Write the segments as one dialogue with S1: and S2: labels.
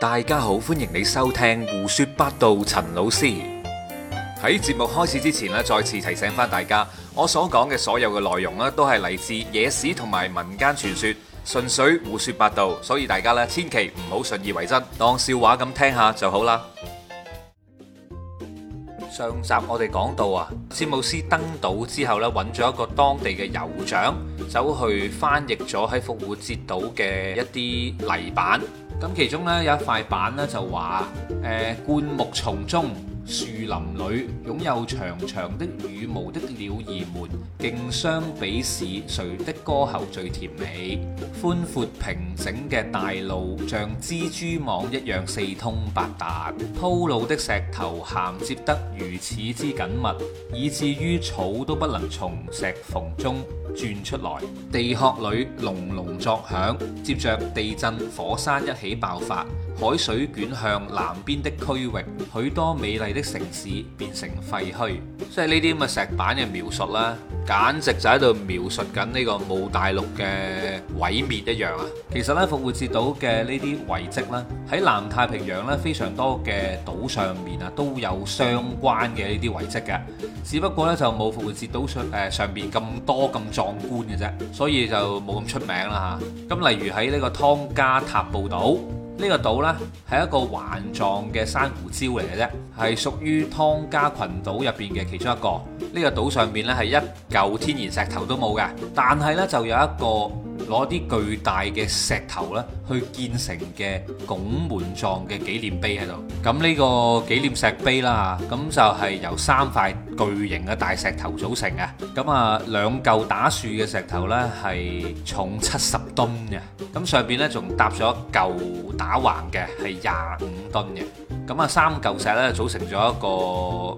S1: 大家好，歡迎你收聽胡說八道。陳老師喺節目開始之前咧，再次提醒翻大家，我所講嘅所有嘅內容咧，都係嚟自野史同埋民間傳說，純粹胡說八道，所以大家咧千祈唔好信以為真，當笑話咁聽下就好啦。上集我哋講到啊，詹姆斯登島之後咧，揾咗一個當地嘅酋長，走去翻譯咗喺復活節島嘅一啲泥板。咁其中咧有一塊板咧就話誒、呃、灌木叢中。樹林裏擁有長長的羽毛的鳥兒們競相比試誰的歌喉最甜美。寬闊平整嘅大路像蜘蛛網一樣四通八達，鋪路的石頭銜接得如此之緊密，以至於草都不能從石縫中鑽出來。地殼裏隆隆作響，接著地震火山一起爆發。海水捲向南邊的區域，許多美麗的城市變成廢墟，即係呢啲咁嘅石板嘅描述啦，簡直就喺度描述緊呢個姆大陸嘅毀滅一樣啊！其實呢，復活節島嘅呢啲遺迹啦，喺南太平洋呢非常多嘅島上面啊，都有相關嘅呢啲遺迹嘅，只不過呢，就冇復活節島上誒上邊咁多咁壯觀嘅啫，所以就冇咁出名啦吓。咁例如喺呢個湯加塔布島。呢個島呢，係一個環狀嘅珊瑚礁嚟嘅啫，係屬於湯加群島入邊嘅其中一個。呢個島上面呢，係一嚿天然石頭都冇嘅，但係呢，就有一個。攞啲巨大嘅石頭咧，去建成嘅拱門狀嘅紀念碑喺度。咁呢個紀念石碑啦，咁就係由三塊巨型嘅大石頭組成嘅。咁啊，兩嚿打豎嘅石頭咧，係重七十噸嘅。咁上邊咧，仲搭咗一嚿打橫嘅，係廿五噸嘅。咁啊，三嚿石咧，組成咗一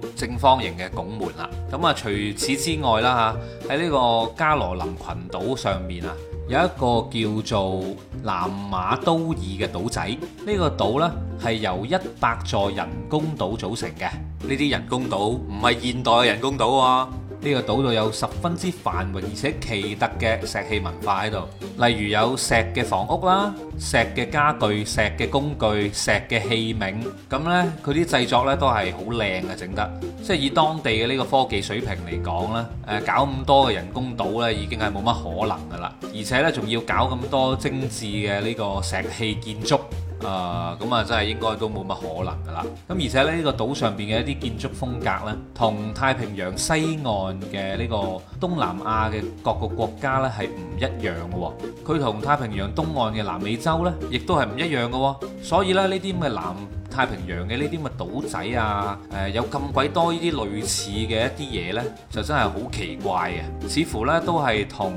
S1: 個正方形嘅拱門啦。咁啊，除此之外啦嚇，喺呢個加羅林群島上面啊。有一個叫做南馬都爾嘅島仔，呢、呢個島呢係由一百座人工島組成嘅，呢啲人工島唔係現代嘅人工島啊。呢個島度有十分之繁榮而且奇特嘅石器文化喺度，例如有石嘅房屋啦、石嘅家具、石嘅工具、石嘅器皿，咁呢，佢啲製作呢都係好靚嘅整得，即係以當地嘅呢個科技水平嚟講咧，誒搞咁多嘅人工島呢已經係冇乜可能㗎喇，而且呢，仲要搞咁多精緻嘅呢個石器建築。啊，咁啊、呃，真係應該都冇乜可能噶啦。咁而且咧，呢、呢個島上邊嘅一啲建築風格呢，同太平洋西岸嘅呢個東南亞嘅各個國家呢係唔一樣嘅喎、哦。佢同太平洋東岸嘅南美洲呢，亦都係唔一樣嘅喎、哦。所以咧，呢啲咁嘅南太平洋嘅呢啲咁嘅島仔啊，誒有咁鬼多呢啲類似嘅一啲嘢呢，就真係好奇怪啊，似乎呢都係同。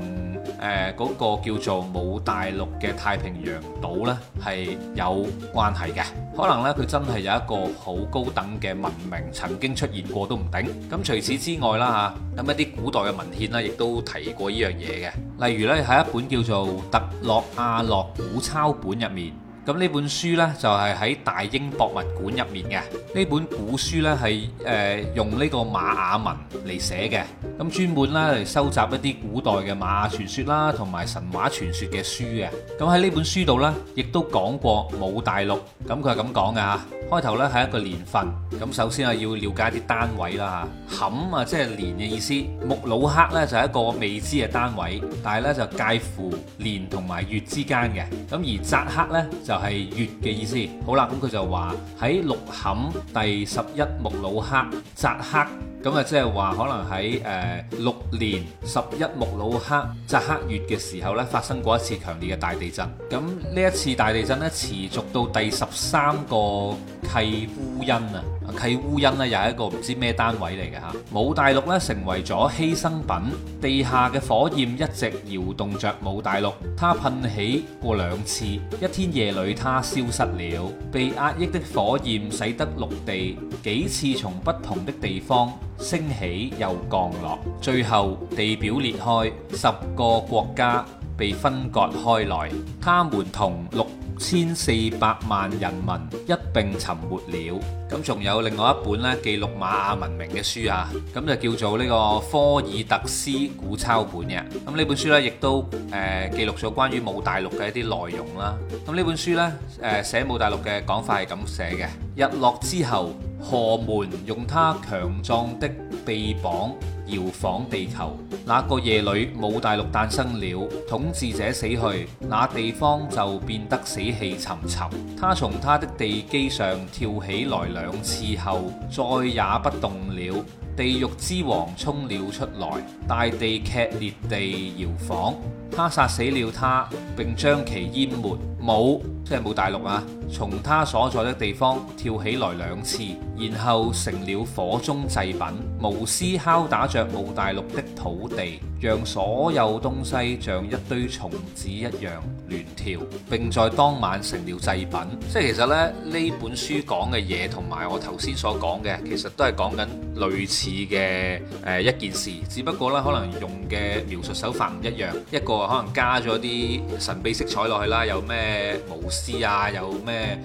S1: 誒嗰個叫做姆大陸嘅太平洋島咧，係有關係嘅。可能咧，佢真係有一個好高等嘅文明曾經出現過都唔定。咁除此之外啦嚇，咁一啲古代嘅文獻咧，亦都提過依樣嘢嘅。例如咧，喺一本叫做《特洛阿諾古抄本》入面。咁呢本書咧就係喺大英博物館入面嘅，呢本古書咧係誒用呢個馬雅文嚟寫嘅，咁專門咧嚟收集一啲古代嘅馬雅傳說啦，同埋神話傳說嘅書嘅。咁喺呢本書度咧，亦都講過姆大陸，咁佢係咁講㗎。開頭咧係一個年份，咁首先啊要了解一啲單位啦嚇，冚啊即係年嘅意思，木魯克咧就係一個未知嘅單位，但係咧就介乎年同埋月之間嘅，咁而扎克咧就。就係月嘅意思。好啦，咁佢就話喺六坎第十一木魯克扎克，咁啊，即係話可能喺誒、呃、六年十一木魯克扎克月嘅時候呢，發生過一次強烈嘅大地震。咁呢一次大地震呢，持續到第十三個契烏恩。啊。契烏因咧又係一個唔知咩單位嚟嘅嚇，姆大陸咧成為咗犧牲品，地下嘅火焰一直搖動着姆大陸，它噴起過兩次，一天夜裏它消失了，被壓抑的火焰使得陸地幾次從不同的地方升起又降落，最後地表裂開，十個國家被分割開來，他們同陸。千四百萬人民一並沉沒了，咁仲有另外一本咧記錄馬雅文明嘅書啊，咁就叫做呢個科爾特斯古抄本嘅，咁呢本書呢，亦都誒記錄咗關於姆大陸嘅一啲內容啦，咁呢本書呢，誒寫姆大陸嘅講法係咁寫嘅，日落之後，河門用他強壯的臂膀。搖晃地球，那個夜裏姆大陸誕生了，統治者死去，那地方就變得死氣沉沉。他從他的地基上跳起來兩次後，再也不動了。地獄之王衝了出來，大地劇烈地搖晃，他殺死了他，並將其淹沒。姆。即係姆大陸啊！從他所在的地方跳起來兩次，然後成了火中祭品，巫師敲打着姆大陸的土地，讓所有東西像一堆蟲子一樣亂跳，並在當晚成了祭品。即係其實咧，呢本書講嘅嘢同埋我頭先所講嘅，其實都係講緊類似嘅誒、呃、一件事，只不過咧可能用嘅描述手法唔一樣，一個可能加咗啲神秘色彩落去啦，有咩巫詩啊，有咩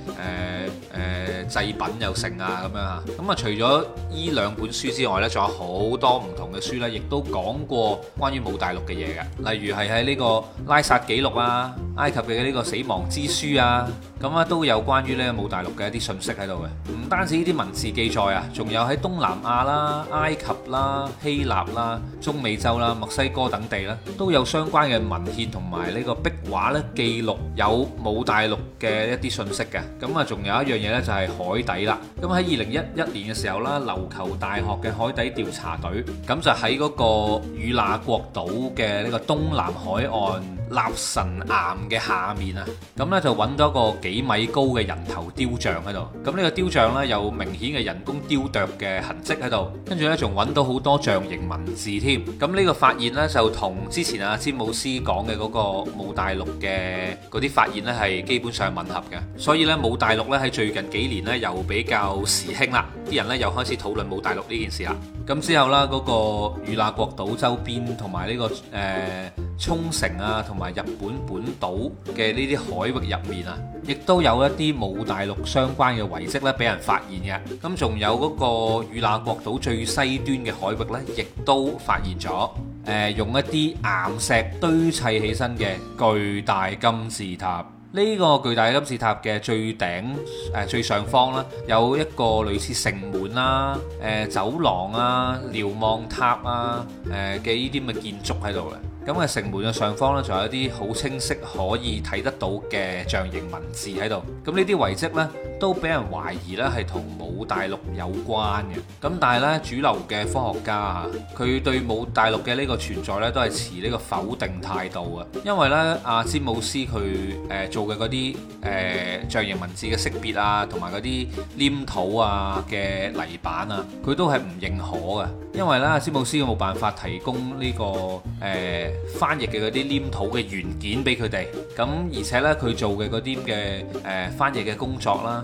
S1: 誒誒製品又剩啊咁樣啊！咁、嗯、啊，除咗依兩本書之外呢，仲有好多唔同嘅書呢，亦都講過關於姆大陸嘅嘢嘅，例如係喺呢個《拉薩記錄》啊。埃及嘅呢個死亡之書啊，咁啊都有關於咧姆大陸嘅一啲信息喺度嘅。唔單止呢啲文字記載啊，仲有喺東南亞啦、埃及啦、希臘啦、中美洲啦、墨西哥等地啦，都有相關嘅文獻同埋呢個壁畫咧記錄有姆大陸嘅一啲信息嘅。咁啊，仲有一樣嘢咧就係海底啦。咁喺二零一一年嘅時候啦，琉球大學嘅海底調查隊咁就喺嗰個與那國島嘅呢個東南海岸立神岩嘅下面啊，咁呢，就揾到個幾米高嘅人頭雕像喺度，咁、這、呢個雕像呢，有明顯嘅人工雕琢嘅痕跡喺度，跟住呢，仲揾到好多象形文字添，咁、這、呢個發現呢，就同之前阿、啊、詹姆斯講嘅嗰個姆大陸嘅嗰啲發現呢，係基本上吻合嘅，所以呢，姆大陸呢，喺最近幾年呢，又比較時興啦，啲人呢，又開始討論姆大陸呢件事啦，咁之後呢、這個，嗰個與那國島周邊同埋呢個誒。沖繩啊，同埋日本本島嘅呢啲海域入面啊，亦都有一啲姆大陸相關嘅遺跡咧，俾人發現嘅。咁仲有嗰個與那國島最西端嘅海域呢，亦都發現咗。誒、呃，用一啲岩石堆砌起身嘅巨大金字塔。呢、這個巨大金字塔嘅最頂誒、呃、最上方啦，有一個類似城門啦、啊、誒、呃、走廊啊、瞭望塔啊、誒嘅呢啲咁嘅建築喺度嘅。咁喺城門嘅上方咧，仲有一啲好清晰可以睇得到嘅象形文字喺度。咁呢啲遺跡咧，都俾人懷疑咧，係同姆大陸有關嘅。咁但係咧，主流嘅科學家啊，佢對姆大陸嘅呢個存在咧，都係持呢個否定態度啊。因為咧，阿詹姆斯佢誒、呃、做嘅嗰啲誒象形文字嘅識別啊，同埋嗰啲黏土啊嘅泥板啊，佢都係唔認可嘅。因為咧，阿詹姆斯冇辦法提供呢、這個誒、呃、翻譯嘅嗰啲黏土嘅原件俾佢哋。咁而且咧，佢做嘅嗰啲嘅誒翻譯嘅工作啦。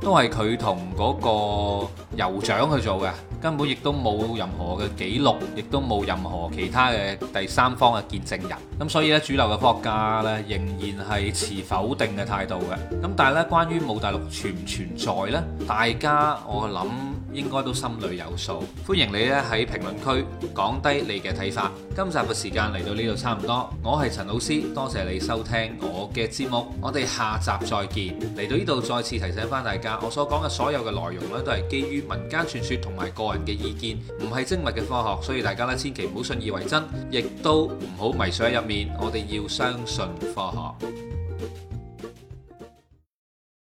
S1: 都係佢同嗰個酋長去做嘅，根本亦都冇任何嘅記錄，亦都冇任何其他嘅第三方嘅見證人。咁所以咧，主流嘅科學家咧仍然係持否定嘅態度嘅。咁但係咧，關於姆大陸存唔存在咧，大家我諗應該都心裏有數。歡迎你咧喺評論區講低你嘅睇法。今集嘅時間嚟到呢度差唔多，我係陳老師，多謝你收聽我嘅節目，我哋下集再見。嚟到呢度再次提醒翻大家。我所講嘅所有嘅內容咧，都係基於民間傳說同埋個人嘅意見，唔係精密嘅科學。所以大家咧，千祈唔好信以為真，亦都唔好迷上入面。我哋要相信科學。